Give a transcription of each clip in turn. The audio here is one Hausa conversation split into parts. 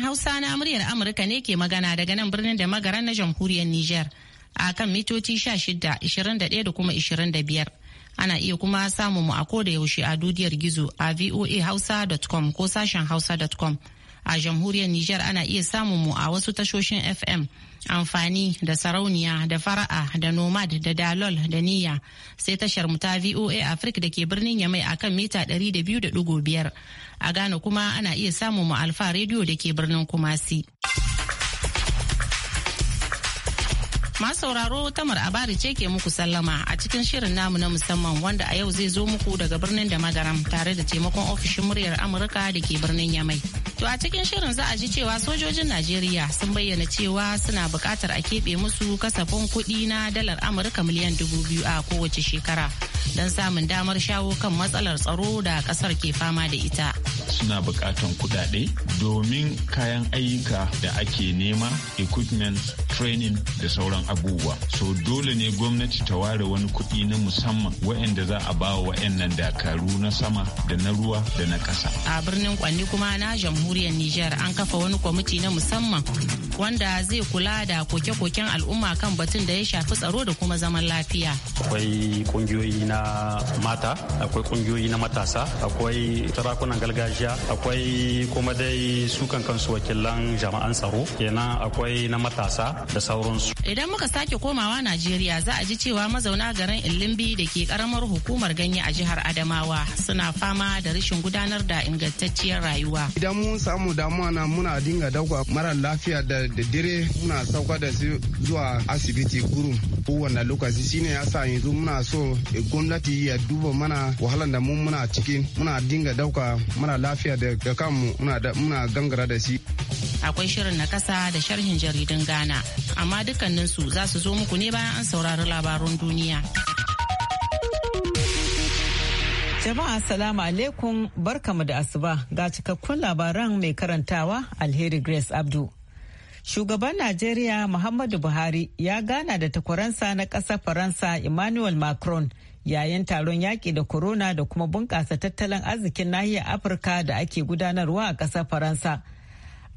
Sashen Hausa na muryar Amurka ne ke magana daga nan birnin da magaran na jamhuriyar Nijar a kan mitoci 16, da kuma 25. Ana iya kuma samun mu a koda yaushe a dudiyar gizo a voahausa.com ko sashen hausa.com. a jamhuriyar Nijar ana iya samun mu a wasu tashoshin FM amfani da sarauniya da fara'a da nomad da dalol da niyya sai tashar mu ta VOA Africa da ke birnin Yamai akan mita 200.5 a Ghana kuma ana iya samun mu Alfa Radio da ke birnin Kumasi. Masu sauraro Tamar Abari ce ke muku sallama a cikin shirin namu na musamman wanda a yau zai zo muku daga birnin da magaram tare da taimakon ofishin muryar Amurka da ke birnin Yamai. To a cikin shirin za a ji cewa sojojin Najeriya sun bayyana cewa suna buƙatar a keɓe musu kasafin kuɗi na dalar Amurka miliyan dubu biyu a kowace shekara don samun damar shawo kan matsalar tsaro da ƙasar ke fama da ita. suna bukatan kudade domin kayan ayyuka da ake nema equipment training da sauran abubuwa so dole ne gwamnati ta ware wani kuɗi na musamman waɗanda za a bawa wa dakaru na sama da na ruwa da na ƙasa a birnin kwanni kuma na jamhuriyar nijar an kafa wani kwamiti na musamman wanda zai kula da koke-koken al'umma kan batun da ya shafi tsaro da kuma zaman lafiya. Akwai kungiyoyi na mata, akwai kungiyoyi na matasa, akwai sarakunan gargajiya akwai kuma dai sukan kansu wakilan jama'an tsaro kenan akwai na matasa da sauransu idan muka sake komawa najeriya za a ji cewa mazauna garin ilimbi da ke karamar hukumar ganye a jihar adamawa suna fama da rashin gudanar da ingantacciyar rayuwa idan mun samu damuwa na muna dinga dauka mara lafiya da dare muna sauka da su zuwa asibiti kurum kowane lokaci shine yasa yanzu muna so eh, gwamnati ya duba mana wahalar da mun muna cikin muna dinga dauka mara lafiya lafiya da kanmu muna gangara da shi. Akwai shirin na kasa da sharhin jaridun Ghana, amma dukkaninsu za su zo muku ne bayan an saurari labarun duniya. Jama'a salamu alaikum barkamu da asuba ga cikakkun labaran mai karantawa Alheri Grace Abdu. Shugaban Najeriya Muhammadu Buhari ya gana da takwaransa na ƙasar Faransa Emmanuel Macron. yayin taron yaƙi da corona da kuma bunƙasa tattalin arzikin nahiyar afirka da ake gudanarwa a ƙasar faransa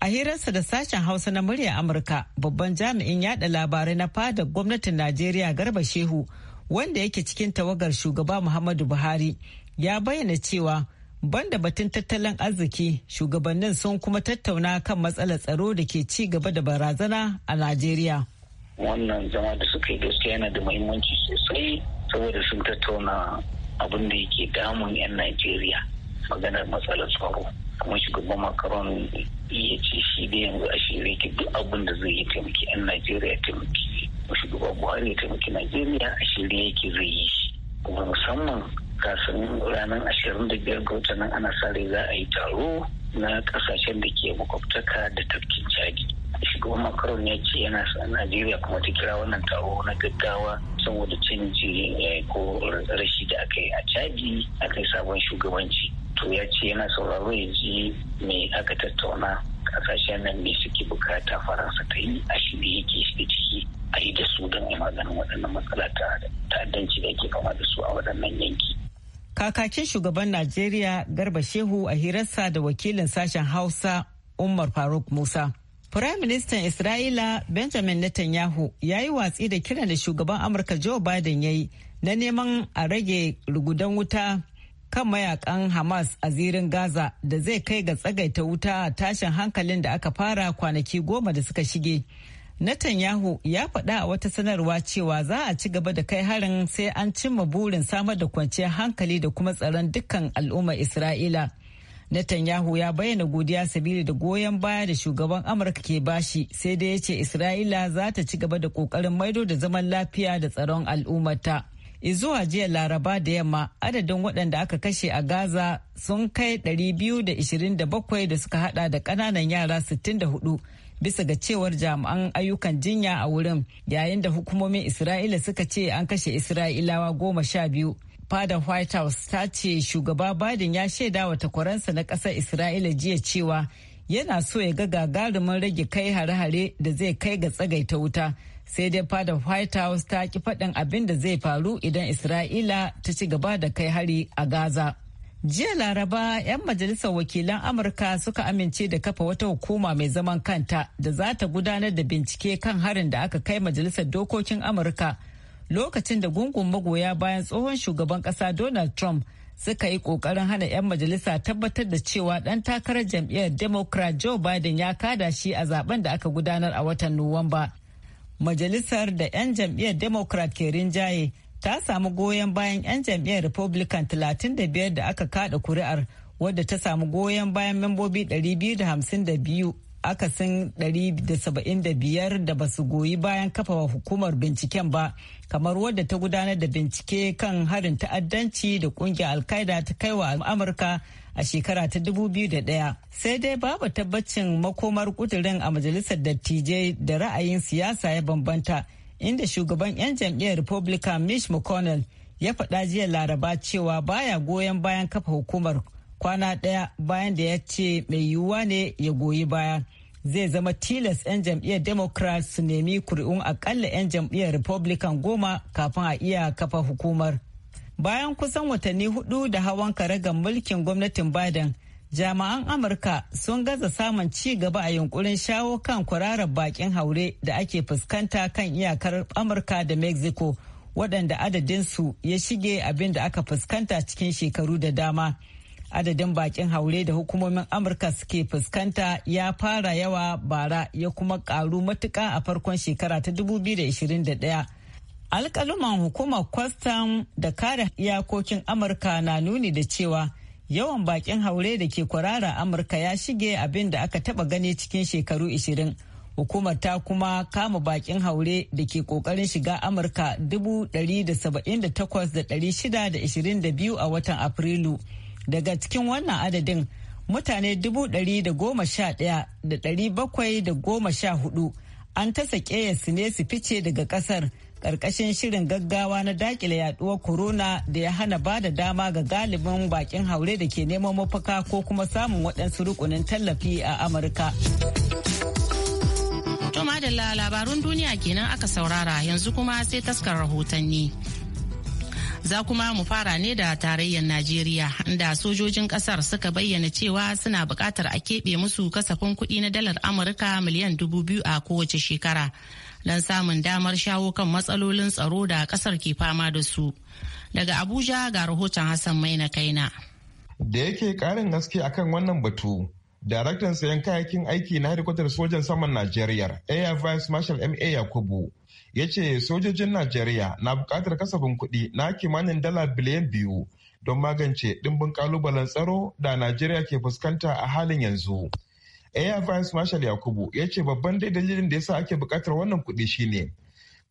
a hirarsa da sashen hausa na muryar amurka babban jami'in yaɗa labarai na fadar gwamnatin najeriya garba shehu wanda yake cikin tawagar shugaba muhammadu buhari ya bayyana cewa banda batun tattalin arziki shugabannin sun kuma tattauna kan matsalar tsaro da ke ci gaba da barazana a najeriya wannan zama da suka yi gaskiya yana da muhimmanci sosai saboda sun tattauna abin da yake damun 'yan najeriya maganar matsalar tsaro kuma shugaban makaron ya ce shi da yanzu a shirya ke duk abin da zai yi taimaki 'yan najeriya taimaki shugaba buhari ya taimaki najeriya a shirya yake zai yi shi kuma musamman kasan ranar ashirin da biyar ga watan ana sa rai za a yi taro na kasashen da ke makwabtaka da tafkin chadi shugaban macron ya ce yana sa najeriya kuma ta kira wannan taro na gaggawa saboda canji eh, ko rashi da aka yi a caji aka yi sabon shugabanci to ya ce yana sauraro ya ji me aka tattauna kasashen nan ne suke bukata faransa ta yi a shirye yake shiga ciki a yi da su don maganin waɗannan matsala ta ta'addanci da ke kama da su a waɗannan yanki kakakin shugaban najeriya garba shehu a hirarsa da wakilin sashen hausa umar faruk musa Firaministan Isra'ila Benjamin Netanyahu ya yi watsi da kiran da shugaban Amurka Joe Biden ya yi na neman a rage rugudan wuta kan mayakan Hamas a zirin Gaza da zai kai ga tsagaita wuta a tashin hankalin da aka fara kwanaki goma da suka shige. Netanyahu ya faɗa a wata sanarwa cewa za a ci gaba da kai harin sai an cimma burin samar da kwanciyar hankali da kuma tsaron dukkan al'ummar Isra'ila. Netanyahu ya bayyana godiya sabili da goyon baya da shugaban Amurka ke bashi sai dai ya ce Isra'ila za ta ci gaba da kokarin maido da zaman lafiya da tsaron al'ummata. Izuwa jiya Laraba da yamma adadin waɗanda aka kashe a Gaza sun kai 227 da suka hada da ƙananan yara 64 bisa ga cewar jami'an ayyukan jinya a wurin yayin da hukumomin Isra'ila suka ce an kashe Isra'ilawa goma sha biyu. fadar white house ta ce shugaba biden ya shaida wa takwaransa na ƙasar isra'ila jiya cewa yana so ya ga gagarumin rage kai hare-hare da zai kai ga tsagaita wuta sai dai fadar white house ta ki faɗin abin da zai faru idan isra'ila ta ci gaba da kai hari a gaza jiya laraba 'yan majalisar wakilan amurka suka amince da kafa wata hukuma mai zaman kanta da za ta gudanar da bincike kan harin da aka kai majalisar dokokin amurka lokacin da gungun magoya bayan tsohon shugaban ƙasa Donald Trump suka yi kokarin hana 'yan majalisa tabbatar da cewa ɗan takarar jam'iyyar Democrat Joe Biden ya kada shi a zaben da aka gudanar a watan Nuwamba. Majalisar da 'yan jam'iyyar Democrat ke rinjaye ta samu goyon bayan 'yan jam'iyyar Republican 35 da aka kada kuri'ar wadda ta samu goyon bayan membobi 252 akasin 175 da ba su goyi bayan kafa hukumar binciken ba kamar wadda ta gudanar da bincike kan harin ta'addanci da kungiyar alkaida ta kai wa amurka a shekara ta 2001 sai dai babu tabbacin makomar kudurin a majalisar dattijai da ra'ayin siyasa ya bambanta inda shugaban 'yan jam'iyyar republican mitch mcconnell ya faɗa jiya laraba cewa baya goyon bayan kafa hukumar kwana ɗaya bayan da ya ce mai yiwuwa ne ya goyi baya zai zama tilas 'yan jam'iyyar democrat su nemi kuri'un akalla 'yan jam'iyyar republican goma kafin a iya kafa hukumar bayan kusan watanni hudu da hawan karagar mulkin gwamnatin biden jama'an amurka sun gaza samun ci gaba a yunkurin shawo kan kwararar bakin haure da ake fuskanta kan iyakar amurka da mexico waɗanda adadinsu ya shige abin da aka fuskanta cikin shekaru da dama adadin bakin haure da hukumomin amurka suke fuskanta ya fara yawa bara ya kuma karu matuka a farkon shekara ta 2021 alkaluman hukumar kwastam da kare iyakokin amurka na nuni da cewa yawan bakin haure da ke kwarara amurka ya shige abin da aka taba gani cikin shekaru 20 hukumar ta kuma kama bakin haure da ke kokarin shiga amurka 178,622 a watan afrilu daga cikin wannan adadin mutane dubu ɗari da goma sha ɗaya da ɗari bakwai da goma sha hudu an ta sake su ne su fice daga kasar. ƙarƙashin shirin gaggawa na dakile yaduwar corona da ya hana ba da dama ga galibin bakin haure da ke neman mafaka ko kuma samun waɗansu rukunin tallafi a amurka to madalla labarun duniya kenan aka saurara yanzu kuma sai taskar rahotanni Za kuma mu fara ne da tarayyar Najeriya inda sojojin kasar suka bayyana cewa suna buƙatar a keɓe musu kasafin kuɗi na dalar Amurka miliyan dubu biyu a kowace shekara don samun damar shawo kan matsalolin tsaro da kasar ke fama da su. Daga Abuja ga rahoton Hassan Maina Kaina. Da yake ƙarin gaske akan wannan batu, daraktan sayan kayakin aiki na hedikwatar sojan saman Najeriya, Air Vice Marshal M.A. Yakubu, ya ce sojojin najeriya na bukatar kasafin kuɗi na kimanin dala biliyan biyu don magance ɗimbin kalubalen tsaro da najeriya ke fuskanta a halin yanzu air vice marshal yakubu ya ce babban dalilin da ya yasa ake bukatar wannan kuɗi shine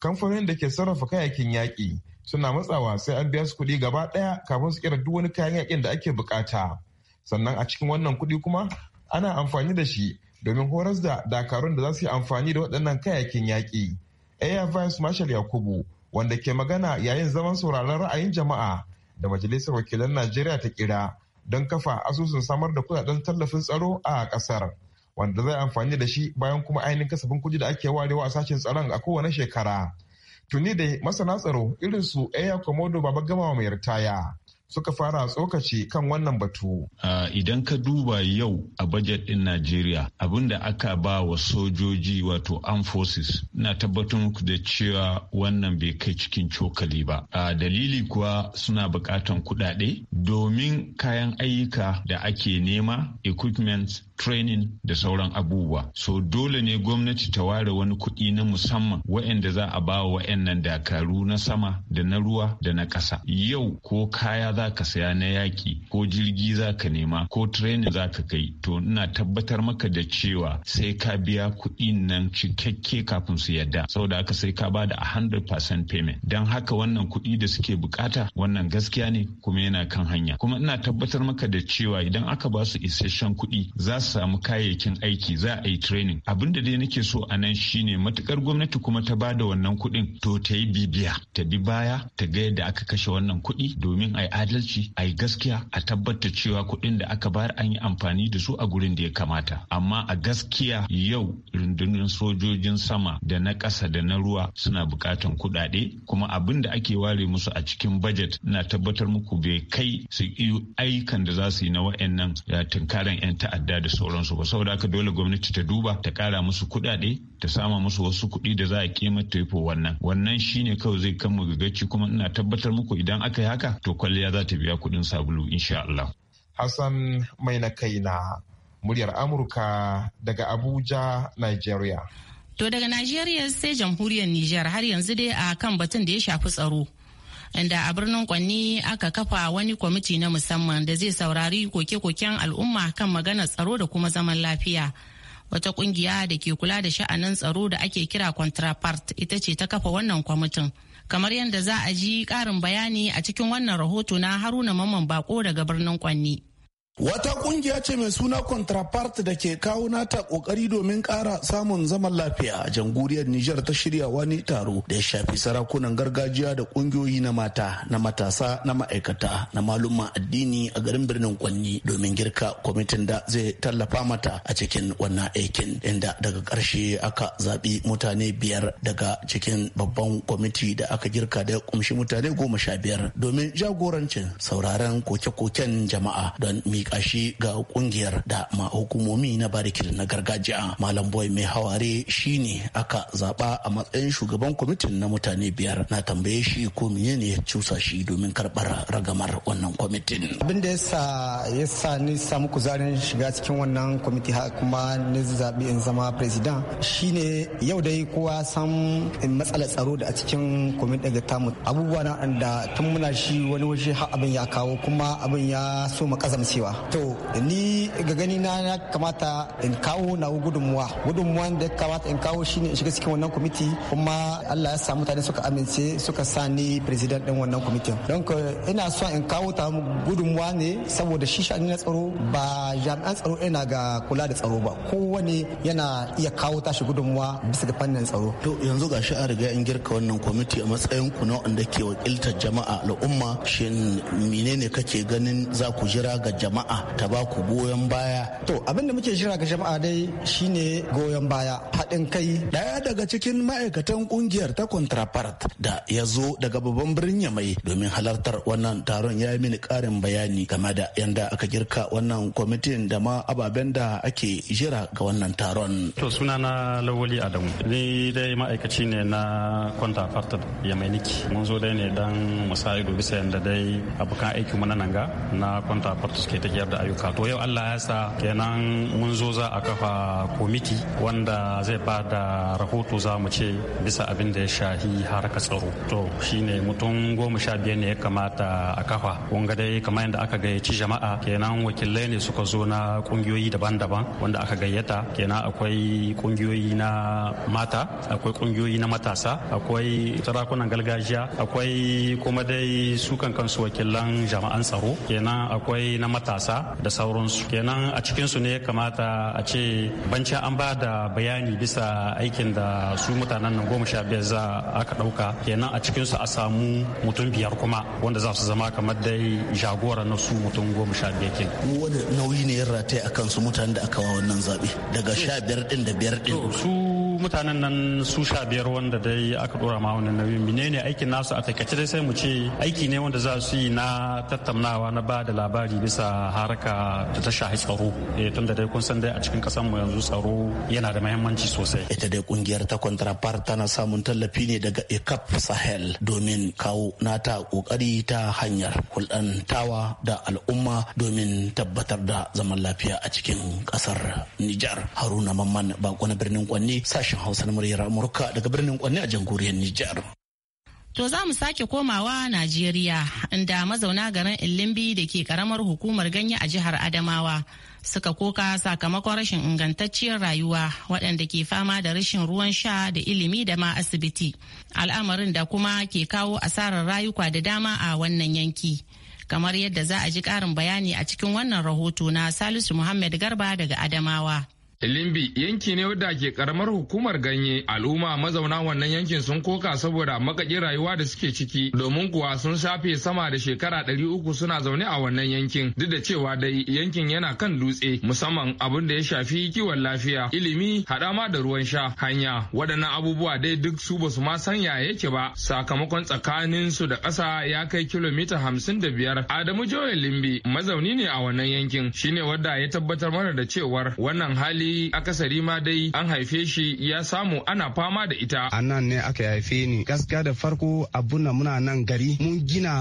kamfanin da ke sarrafa kayayyakin yaƙi suna matsawa sai an biya su kuɗi gaba ɗaya kafin su kira duk wani kayan yaƙin da ake bukata sannan a cikin wannan kuɗi kuma ana amfani da shi domin horas da dakarun da za su yi amfani da waɗannan kayayyakin yaƙi air vice marshal yakubu wanda ke magana yayin zaman sauraron ra'ayin jama'a da majalisar wakilan najeriya ta kira don kafa asusun samar da kudaden tallafin tsaro a kasar wanda zai amfani da shi bayan kuma ainihin kasafin kuɗi da ake warewa a sashen tsaron a kowane shekara tuni da masana tsaro irin su Air komodo baba gama mai ritaya suka fara tsokaci kan wannan batu. Uh, Idan ka duba yau a bajet ɗin Najeriya abin da aka ba wa sojoji wato armed forces na tabbatar da cewa wannan bai kai cikin cokali ba. dalili kuwa suna buƙatan kuɗaɗe domin kayan ayyuka da ake nema equipment training da sauran abubuwa so dole ne gwamnati ta ware wani kuɗi na musamman waɗanda za a ba wa nan dakaru na sama da na ruwa da na ƙasa yau ko kaya za ka saya na yaƙi ko jirgi za ka nema ko training za ka kai to ina tabbatar maka da cewa sai ka biya kuɗi nan cikakke kafin su yadda saboda haka sai ka bada a 100% payment don haka wannan kuɗi da suke bukata wannan gaskiya ne kuma yana kan hanya kuma ina tabbatar maka da cewa idan aka ba su isasshen kuɗi za samu kayayyakin aiki za a yi training abin da dai nake so a nan shine matukar gwamnati kuma ta ba da wannan kuɗin to ta yi bibiya ta bi baya ta ga yadda aka kashe wannan kuɗi domin a yi adalci a yi gaskiya a tabbatar cewa kuɗin da aka bayar an yi amfani da su a gurin da ya kamata amma a gaskiya yau rundunar sojojin sama da na ƙasa da na ruwa suna buƙatan kuɗaɗe kuma abin da ake ware musu a cikin budget na tabbatar muku bai kai su yi aikan da za su yi na wa'annan eh, tunkaran 'yan ta'adda da sauransu ba saboda haka dole gwamnati ta duba ta kara musu kuɗaɗe ta sama musu wasu kuɗi da za a kima tefo wannan wannan shine kawai zai kama gagaci kuma ina tabbatar muku idan aka yi haka to kwalliya za ta biya kuɗin sabulu insha Allah. Hassan mai na kai na muryar Amurka daga Abuja, Nigeria. To daga Najeriya sai jamhuriyar Nijar har yanzu dai a kan batun da ya shafi tsaro. inda a birnin Kwanni aka kafa wani kwamiti na musamman da zai saurari koke-koken al'umma kan maganar tsaro da kuma zaman lafiya. Wata kungiya da ke kula da sha'anin tsaro da ake kira contrapart ita ce ta kafa wannan kwamitin. Kamar yadda za a ji ƙarin bayani a cikin wannan rahoto na Haruna Mamman Bako daga birnin Kwanni. Wata kungiya ce mai suna Contrapart da ke kawo nata kokari domin kara samun zaman lafiya a jamhuriyar Nijar ta shirya wani taro da ya shafi sarakunan gargajiya da kungiyoyi na mata, na matasa, na ma'aikata, na maluma addini a garin birnin Kwanni domin girka kwamitin da zai tallafa mata a cikin wannan aikin inda daga karshe aka zaɓi mutane biyar daga cikin babban kwamiti da aka girka da kumshi mutane goma sha biyar domin jagorancin sauraron koke-koken jama'a don miƙa kashi ga kungiyar da ma hukumomi na barikil na gargajiya malam boy mai haware shine aka zaba a matsayin shugaban kwamitin na mutane biyar na tambaye shi ko miye ya cusa shi domin karbar ragamar wannan kwamitin abin da yasa yasa ni samu kuzarin shiga cikin wannan kwamiti ha kuma ni zabi in zama president shine yau dai kowa san matsalar tsaro da a cikin kwamitin daga tamu abubuwa na da tun muna shi wani waje har abin ya kawo kuma abin ya so mu kazamcewa to ni ga gani na ya kamata in kawo na gudunmuwa gudunmuwan da ya kamata in kawo shine in shiga cikin wannan kwamiti kuma Allah ya sa mutane suka amince suka sa ni president din wannan kwamitin don ina son in kawo ta gudunmuwa ne saboda shi shi na tsaro ba jami'an tsaro ina ga kula da tsaro ba kowane yana iya kawo tashi gudunmuwa bisa ga fannin tsaro to yanzu ga shi a riga in girka wannan kwamiti a matsayin ku na wanda ke wakiltar jama'a al'umma shin menene kake ganin za ku jira ga jama'a jama'a ta ba ku goyon baya to abin da muke shirya ga jama'a dai shine goyon baya haɗin kai daya daga cikin ma'aikatan kungiyar ta contrapart da ya zo daga babban birnin mai domin halartar wannan taron ya yi mini ƙarin bayani game da yanda aka girka wannan kwamitin da ma ababen da ake jira ga wannan taron to sunana lawali adamu ni dai ma'aikaci ne na contrapart ya mai niki mun zo dai ne dan musa ido bisa yanda dai abokan aikin mu na nanga na contrapart suke ta tafiyar da ayyuka to yau allah ya sa kenan mun zo za a kafa komiti wanda zai ba da rahoto za mu ce bisa abin da ya shahi haraka tsaro to shine mutum goma sha biyar ne ya kamata a kafa ga dai kamar yadda aka gayyaci jama'a kenan wakilai ne suka zo na kungiyoyi daban-daban wanda aka gayyata kenan akwai kungiyoyi na mata akwai kungiyoyi na matasa akwai sarakunan gargajiya akwai kuma dai su kan kansu wakilan jama'an tsaro kenan akwai na matasa ƙasa da sauransu kenan a cikinsu ne kamata a ce bancin an ba da bayani bisa aikin da su mutanen nan goma sha biyar za aka ɗauka kenan a cikinsu a samu mutum biyar kuma wanda za su zama kamar dai jagora na su mutum goma sha biyar ke. wani nauyi ne ya rataye akan su mutanen da aka wa wannan zaɓe daga sha biyar ɗin da biyar ɗin. su mutanen nan su sha biyar wanda dai aka dora ma wannan nauyi menene aikin nasu a takaice dai sai mu ce aiki ne wanda za su yi na tattaunawa na ba da labari bisa haraka da ta shahi tsaro eh, tunda dai kun san dai a cikin kasan mu yanzu tsaro yana da mahimmanci sosai ita dai kungiyar ta contrapart tana samun tallafi ne daga ecap sahel domin kawo nata kokari ta hanyar hulɗantawa da al'umma domin tabbatar da zaman lafiya a cikin kasar nijar haruna mamman ba na birnin kwanne sashi sashen Hausa na muryar Amurka daga birnin Kwanne a jamhuriyar Nijar. To za mu sake komawa Najeriya inda mazauna garin Ilimbi da ke karamar hukumar ganye a jihar Adamawa suka koka sakamakon rashin ingantacciyar rayuwa waɗanda ke fama da rashin ruwan sha da ilimi da ma asibiti. Al'amarin da kuma ke kawo asarar rayuka da dama a wannan yanki. Kamar yadda za a ji ƙarin bayani a cikin wannan rahoto na Salisu Muhammad Garba daga Adamawa. Limbi yanki ne wadda ke karamar hukumar ganye al'umma mazauna wannan yankin sun koka saboda makaɗi rayuwa da suke ciki domin kuwa sun shafe sama da shekara ɗari uku suna zaune a wannan yankin duk da cewa dai yankin yana kan dutse musamman abin da ya shafi kiwon lafiya ilimi haɗama da ruwan sha hanya waɗannan abubuwa dai duk su basu ma sanya yake ba sakamakon tsakanin su da ƙasa ya kai kilomita hamsin da biyar Adamu Joel Limbi mazauni ne a wannan yankin shine wadda ya tabbatar mana da cewar wannan hali shi akasari ma dai an haife shi ya samu ana fama da ita a nan ne aka haife ni gaskiya da farko abun muna nan gari mun gina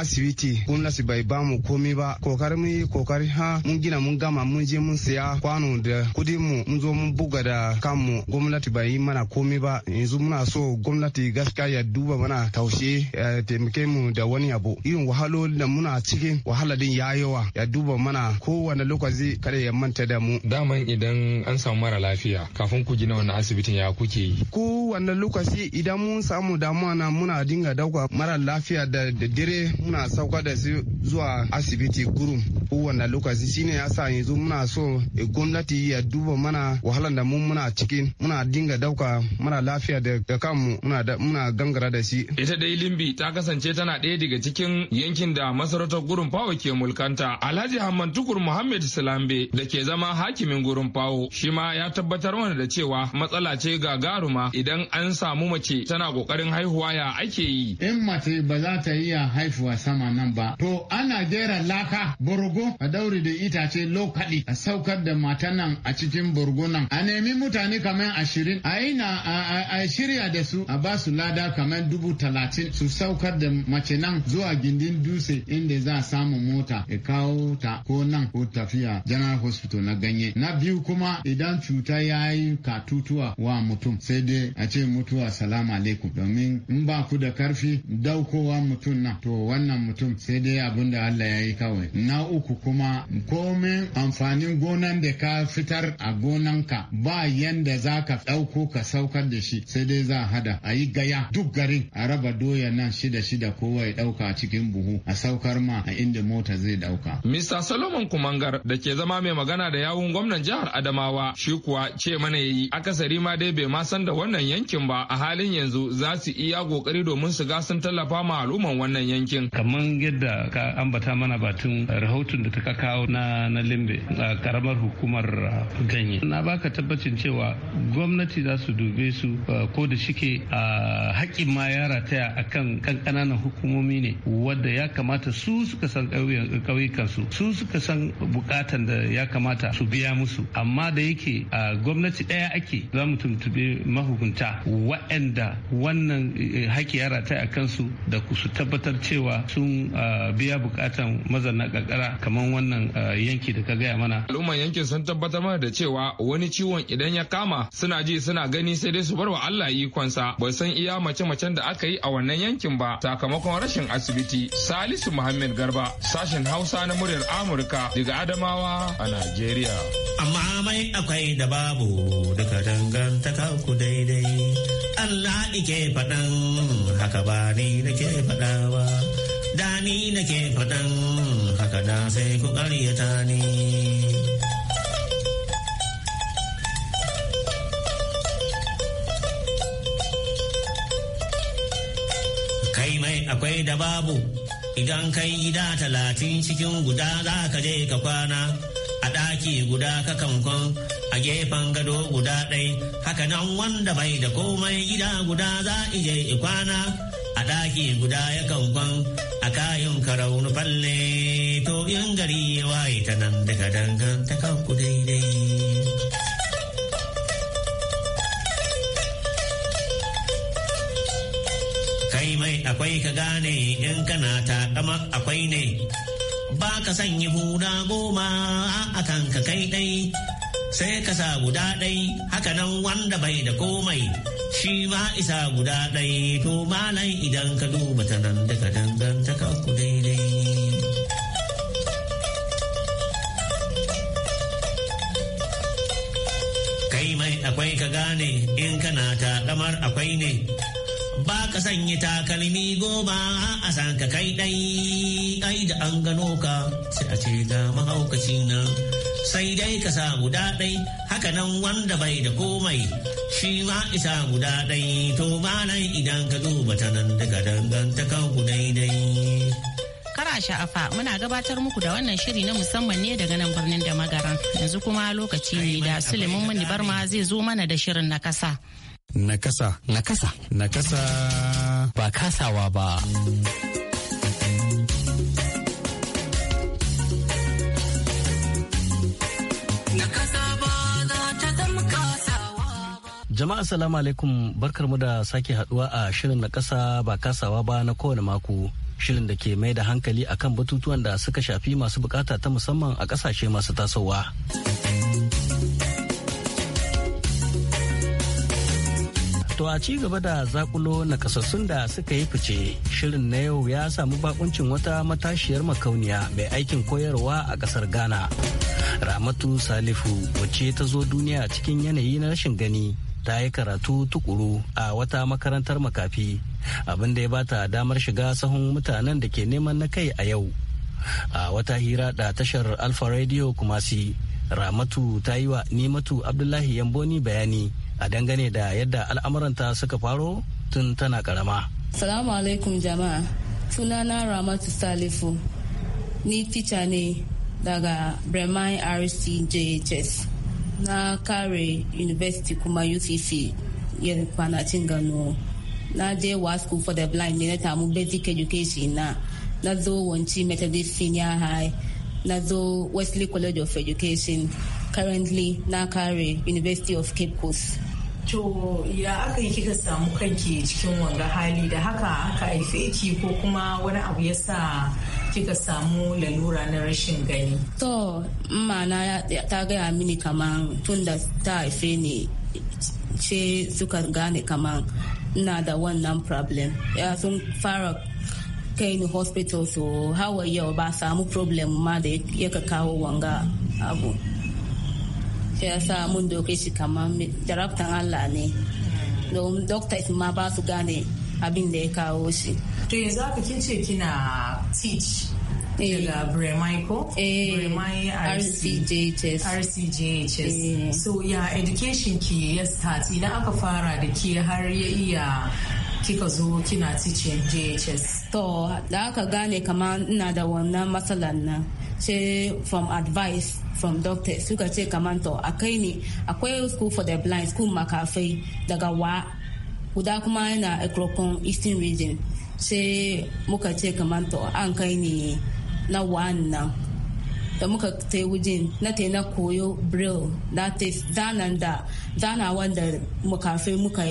asibiti gwamnati bai ba mu komi ba kokari yi kokari ha mun gina mun gama mun je mun siya kwano da kudin mu mun zo mun buga da kanmu gwamnati bai yi mana komi ba yanzu muna so gwamnati gaskiya ya duba mana taushe ya taimake mu da wani abu irin wahalolin da muna cikin wahala din ya yawa ya duba mana kowane lokaci kada ya manta da mu daman idan an samu mara lafiya kafin ku gina wannan asibitin ya kuke yi ku wannan lokaci idan mun samu damuwa na muna dinga dauka mara lafiya da dare muna sauka da su zuwa asibiti gurum ku wannan lokaci shine yasa yanzu muna so eh, gwamnati ya duba mana wahalar da mun muna cikin muna dinga dauka mara lafiya da kanmu muna gangara da shi ita dai limbi ta kasance tana ɗaya daga cikin yankin da masarautar gurum fawa ke mulkanta alhaji hamman tukur muhammad salambe da ke zama hakimin gurum fawa kawo shi ma ya tabbatar mana da cewa matsala ce gagaruma idan an samu mace tana kokarin haihuwa ya ake yi in mace ba za ta iya haifuwa sama nan ba to ana gera laka burgo a daure da itace lokali a saukar da mata nan a cikin borgo nan a nemi mutane kamar ashirin a yi na a shirya da su a ba su lada kamar dubu talatin su saukar da mace nan zuwa gindin dutse inda za a samu mota ya kawo ta ko nan ko tafiya general hospital na ganye na biyu kuma kuma idan cuta ya yi katutuwa wa mutum sai dai a ce mutuwa salamu alaikum domin in ba ku da karfi daukowa mutum na to wannan mutum sai dai abin da Allah ya yi kawai na uku kuma komin amfanin gonan da ka fitar a gonanka ba yanda za ka dauko ka saukar da shi sai dai za hada a yi gaya duk garin a raba doya nan shida shida kowa ya ɗauka a cikin buhu a saukar ma a inda mota zai dauka. Mr. Solomon Kumangar da ke zama mai magana da yawun gwamnan jihar Adam Adamawa shi kuwa ce mana yayi akasari ma dai bai ma san da wannan yankin ba a halin yanzu za su iya kokari domin su ga sun tallafa ma al'umman wannan yankin. Kamar yadda ka ambata mana batun rahoton da ta kawo na na Limbe a karamar hukumar ganye. Na baka tabbacin cewa gwamnati za su dube su ko da shike a haƙƙin ma ya rataya akan kan ƙananan hukumomi ne wadda ya kamata su suka san ƙauyukansu su suka san bukatan da ya kamata su biya musu amma amma da yake a gwamnati ɗaya ake za mu tuntube mahukunta waɗanda wannan eh, haƙƙi ya rata a kansu da su tabbatar cewa sun biya bukatan mazana ƙarƙara kamar wannan yanki da ka gaya mana. Al'umman yankin sun tabbatar mana da cewa wani ciwon idan ya kama suna ji suna gani sai dai su bar wa Allah sa bai san iya mace-macen da aka yi a wannan yankin ba sakamakon rashin asibiti. Salisu Muhammad Garba sashen Hausa na muryar Amurka daga Adamawa a Najeriya. Amma mai akwai da babu duka dangantaka ku daidai. Allah ike faɗan haka ba ni nake faɗa ba. Da ni nake faɗan haka da sai ku ƙaryata ni. Kai mai akwai da babu idan kai gida talatin cikin guda za ka je ka kwana. ɗaki guda kakan kwan a gefen gado guda ɗai haka nan wanda bai da komai gida guda za ije ikwana a ɗaki guda ya kwan a kayan karaunu falle to yan gari ya waye ta nan daga danganta kanku daidai. Kai mai akwai ka gane in kana taɗama akwai ne Ba ka sanya huda goma a kanka kai ɗai sai ka sa guda ɗai haka nan wanda bai da komai shi ma isa guda ɗai to malam idan ka duba ta nan daga dangantaka ku daidai. Kai mai akwai ka gane in kana ta damar akwai ne. ba ka sanya takalmi goma a san ka kai ɗai ai da an gano ka sai a ce ga mahaukaci nan sai dai ka sa guda ɗai haka nan wanda bai da komai shi ma isa guda ɗai to ma nan idan ka duba ta nan daga dangantakan ku daidai. Kara sha'afa muna gabatar muku da wannan shiri na musamman ne daga nan birnin da magaran yanzu kuma lokaci ne da Suleiman Muni Barma zai zo mana da shirin na kasa. Nakasa. Nakasa. Nakasa. Ba kasawa ba. Jama'a salamu alaikum mu da sake haduwa a shirin na kasa ba kasawa ba na kowane mako. Shirin da ke mai da hankali akan batutuwan da suka shafi masu bukata ta musamman a kasashe masu tasowa. To a ci gaba da zakulo na kasassun da suka yi fice, shirin na yau ya samu bakuncin wata matashiyar makauniya mai aikin koyarwa a kasar Ghana. Ramatu Salifu wacce ta zo duniya cikin yanayi na rashin gani ta yi karatu tukuru a wata makarantar makafi abin da ya bata damar shiga sahun mutanen da ke neman na kai a yau. A wata hira da tashar Alfa Radio Kumasi, Ramatu ta yi wa Nimatu Abdullahi Yamboni bayani. a dangane da yadda al'amuranta suka faro tun tana karama. Salamu alaikum jama'a sunana Ramatu Salifu ni tica ne daga Bremen RC JHS na kare University kuma UCC yin kwanacin gano na je wa school for the blind ne na tamu basic education na na zo wanci methodist senior high na zo wesley college of education currently na kare university of cape coast To ya aka yi kika samu kanki cikin wanga hali da haka aka haife ki ko kuma wani abu ya sa kika samu lalura na rashin gani? To, mana ta gaya mini kaman tun da ta haife ni ce suka gane kaman na da wannan problem. Ya sun fara kai ni hospital so hawa yau ba samu problem ma da ya kawo wanga abu. shi yasa mun doke shi kamar jarabtan Allah ne domin doctors ma ba su gane abin da ya kawo shi to yanzu haka kin ce kina teach eh. daga Bremai ko? Eh. Bremai RCJHS. RCJHS. Eh. So ya education ki ya start idan aka fara da ke har ya iya kika zo kina teaching JHS. To da aka gane kama ina da wannan matsalan nan. ce from advice from doctors suka ce kamanto a kai ne akwai school for the blind school makafai daga wa guda kuma yana ekropon eastern region ce muka ce kamanto an kai ne na wannan da muka ta wujin na ta na koyo braille that is zanen da zana wanda makafai muka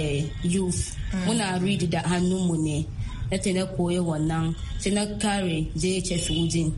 use mm. muna read da hannunmu ne na ta na koyo wannan sai na kare jhs wujin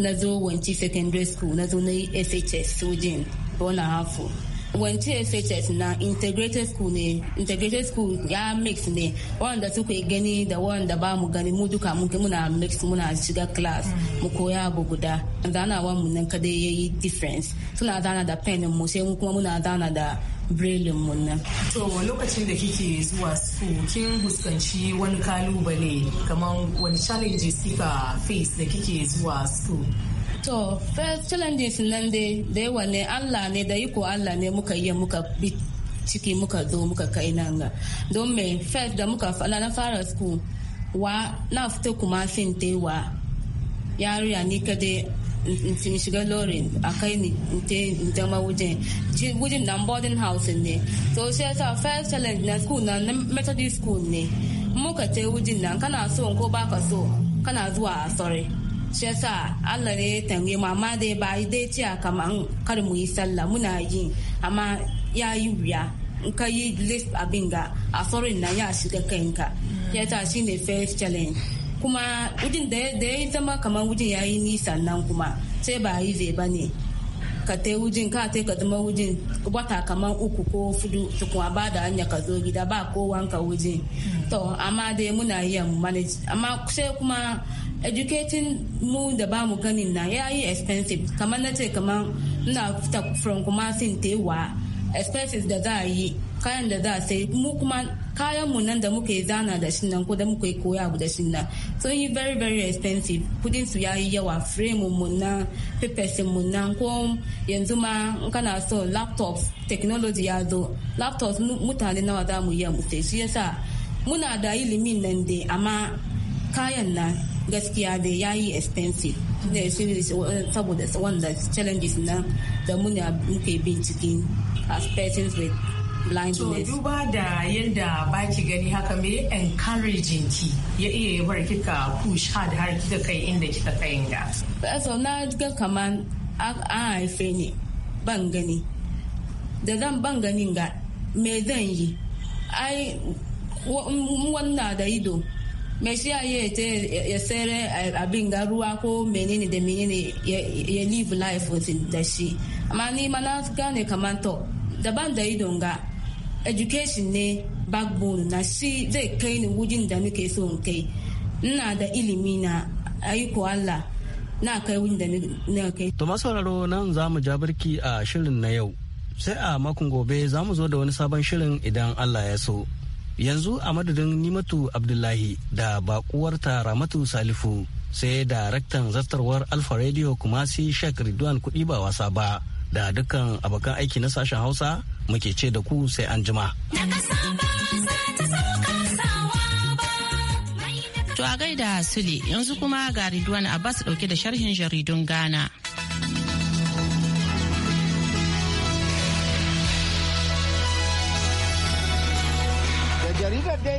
na zo wanci secondary school na zo na yi shs sojin wani hafu wance tfhs na integrated school ne integrated school ya mix ne wanda suke gani da wanda ba mu gani mu duka muna mix muna shiga class mu koya abu guda zanawa mu nan kadai yayi difference suna zana da pen mu sai mu kuma muna zana da braille mu nan to lokacin da kike zuwa school kin huskanci wani kalubale kamar wani challenges kika face da kike zuwa school To, challenges nan dai da yawa ne Allah ne da iko Allah ne muka yi muka bi ciki muka zo muka kai nan ga. Don me first da muka fala na fara school wa na fita kuma fin wa yari ni ka dai in shiga lori a kai ni in zama wujen wajen na boarding house ne so she yasa first challenge na school na methodist school ne muka te wajen nan kana so ko ka so kana zuwa a sorry shi yasa Allah ne ya tange mu amma dai ba dai ce kaman kar mu yi sallah muna yi amma ya yi wuya in ka yi list abin ga a sorin na ya shiga kanka ya ta shi ne first challenge kuma wujin da ya zama kamar wujin ya yi nisa nan kuma sai ba yi zai ba ne ka ta wujin ka ta ka zama wujin wata kamar uku ko fudu tukun ba da hanya ka zo gida ba kowanka wanka wujin to amma dai muna yi manage amma sai kuma educating mu da ba mu ganin na ya yi expensive kamar na ce kamar na fita from kuma sin tewa expenses da za a yi kayan da za a sai mu kuma kayan mu nan da muka zana da shi nan ko da muka koya abu da shi nan sun yi very very expensive kudin su ya yayi yawa frame mu nan papers mu nan ko yanzu ma kana so laptop technology ya zo laptop mutane nawa za mu yi mu sai shi yasa muna da ilimin nan dai amma kayan na. gaskiya da ya yi expensive da shi saboda wanda challenges na da muna muke binciken as persons with blindness. To duba da yadda baki gani haka me encouraging ki ya iya bar kika push hard har kika kai inda kika kai ga. So na ga kaman an haife ni ban gani. Da zan ban ganin ga me zan yi. Ai wannan da ido mai shi ya te ya sere abin ga ruwa ko menene da menene ya live life da shi amma ni mana gane kamar to daban da idon ga education ne backbone na shi zai kai ni wujin da nake so in kai ina da ilimi na aiko Allah na kai wujin da na kai to masauraro nan za mu ja birki a shirin na yau sai a makon gobe za mu zo da wani sabon shirin idan Allah ya so yanzu a madadin nimatu abdullahi da bakuwarta ramatu salifu sai daraktan zartarwar alfa radio kumasi shek ridwan kuɗi ba wasa ba da dukkan abokan aiki na sashen hausa muke ce da ku sai an jima to a gaida sule yanzu kuma ga ridwan abbas dauke da sharhin jaridun gana.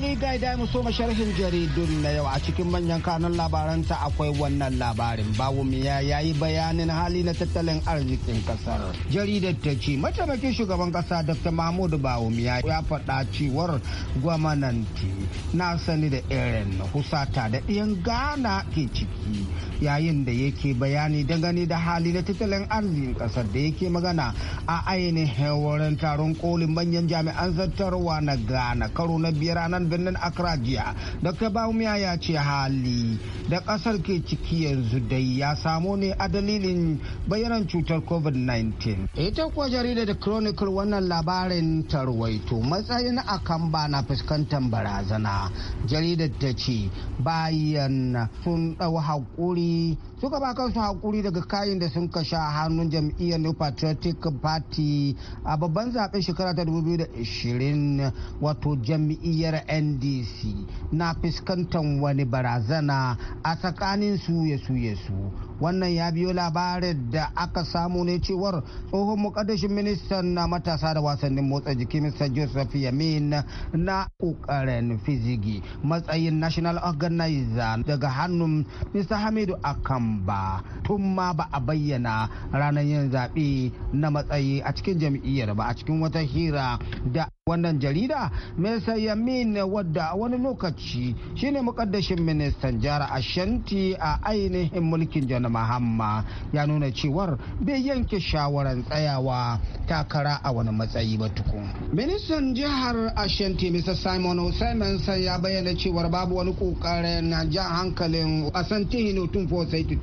Daily daidai mu soma sharhin jaridun na yau a cikin manyan kanun labaranta akwai wannan labarin bawumiya ya yi bayanin hali na tattalin arzikin kasar. Jaridar ta ce mataimakin shugaban kasa Dr. Mahmudu Bawumiya ya faɗa cewar gwamnati na sani da irin husata da ɗiyan gana ke ciki yayin da yake bayani dangane da hali na tattalin arzikin kasar da yake magana a ainihin wurin taron kolin manyan jami'an zartarwa na gana karo na biyar ranar birnin accra jiya dr baumia ya ce hali da kasar ke ciki yanzu dai ya samo ne a dalilin bayanan cutar covid-19 ita kuwa jaridar da chronicle wannan labarin tarwaito matsayin kan ba na fuskantar barazana jaridar ta ce bayan sun ɗau haƙuri suka ba kansu hakuri daga kayan da sun kasha hannun jam'iyyar new patriotic party a babban zaben shekara ta 2020 wato jam'iyyar ndc na fuskantar wani barazana a tsakanin su ya su wannan ya biyo labarin da aka samu ne cewar tsohon mukaddashin ministan na matasa da wasannin motsa jiki mr joseph yamin na kokarin fizigi matsayin national organizer daga hannun mr hamidu akam ba tun ma ba a bayyana ranar yin zaɓe na matsayi a cikin jam'iyyar ba a cikin wata hira da wannan jarida mai sayyamin wadda a wani lokaci shine mukaddashin ministan jihar ashanti a ainihin mulkin john mahamma ya nuna cewar bai yanke shawarar tsayawa takara a wani matsayi ba tukun ministan jihar ashanti mr simon simonson ya bayyana cewar babu wani kokarin jan hankalin asanti hinutun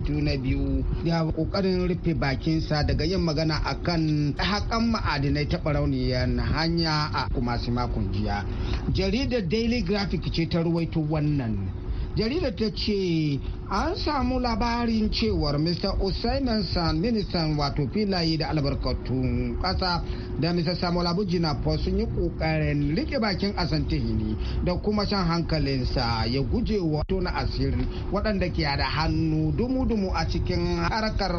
Abdu na biyu ya kokarin rufe bakinsa daga yin magana akan hakan ma'adinai ta barauniyar hanya a kumasi makon jiya. Jaridar Daily Graphic ce ta ruwaito wannan jaridar ta ce an samu labarin cewar mr usaiman san ministan wato filaye da albarkatun Kasa da mr samuel abujina po sun yi ƙoƙarin rike bakin asantehini da kuma shan hankalinsa ya guje wa na asiri waɗanda ke da hannu dumu-dumu a cikin harkar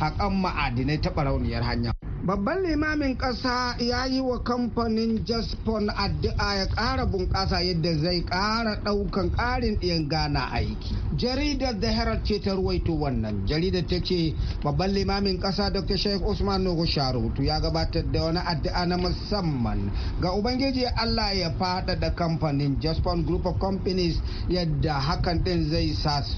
haƙan ma'adinai ta barauniyar hanya Babban limamin ƙasa ya yi wa kamfanin Jaspon addu'a ya ƙara bunƙasa yadda zai ƙara ɗaukan ƙarin ɗiyan gana aiki. Jaridar da Herald ce ta ruwaito wannan. Jaridar ta ce babban limamin ƙasa Dr. Sheikh Usman Nuhu Sharutu ya gabatar da wani addu'a na musamman ga Ubangiji Allah ya faɗaɗa kamfanin Jaspon Group of Companies yadda hakan ɗin zai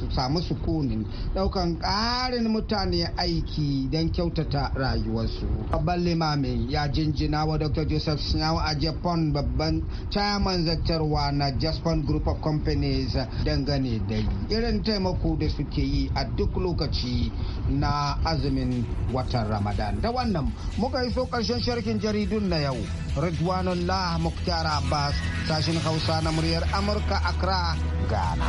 samu sukunin ɗaukan ƙarin mutane aiki don kyautata rayuwarsu. babban limamin ya jinjina wa dr joseph sinyawa a japan babban chairman zartarwa na japan group of companies dangane da irin taimako da suke yi a duk lokaci na azumin watan ramadan da wannan muka iso karshen sharkin jaridun na yau ridwanullah muktar abbas sashin hausa na muryar amurka accra ghana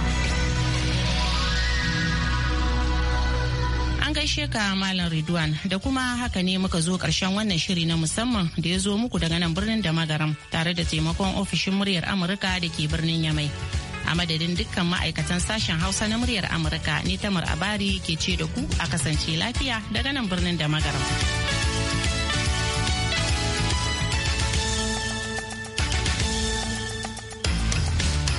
gaishe ka Malam Ridwan da kuma haka ne muka zo karshen wannan shiri na musamman da ya zo muku daga nan birnin da magaram tare da taimakon ofishin muryar Amurka da ke birnin Yamai. A madadin dukkan ma'aikatan sashen Hausa na muryar Amurka ne tamar abari ke ce da ku a kasance lafiya daga nan birnin da magaram.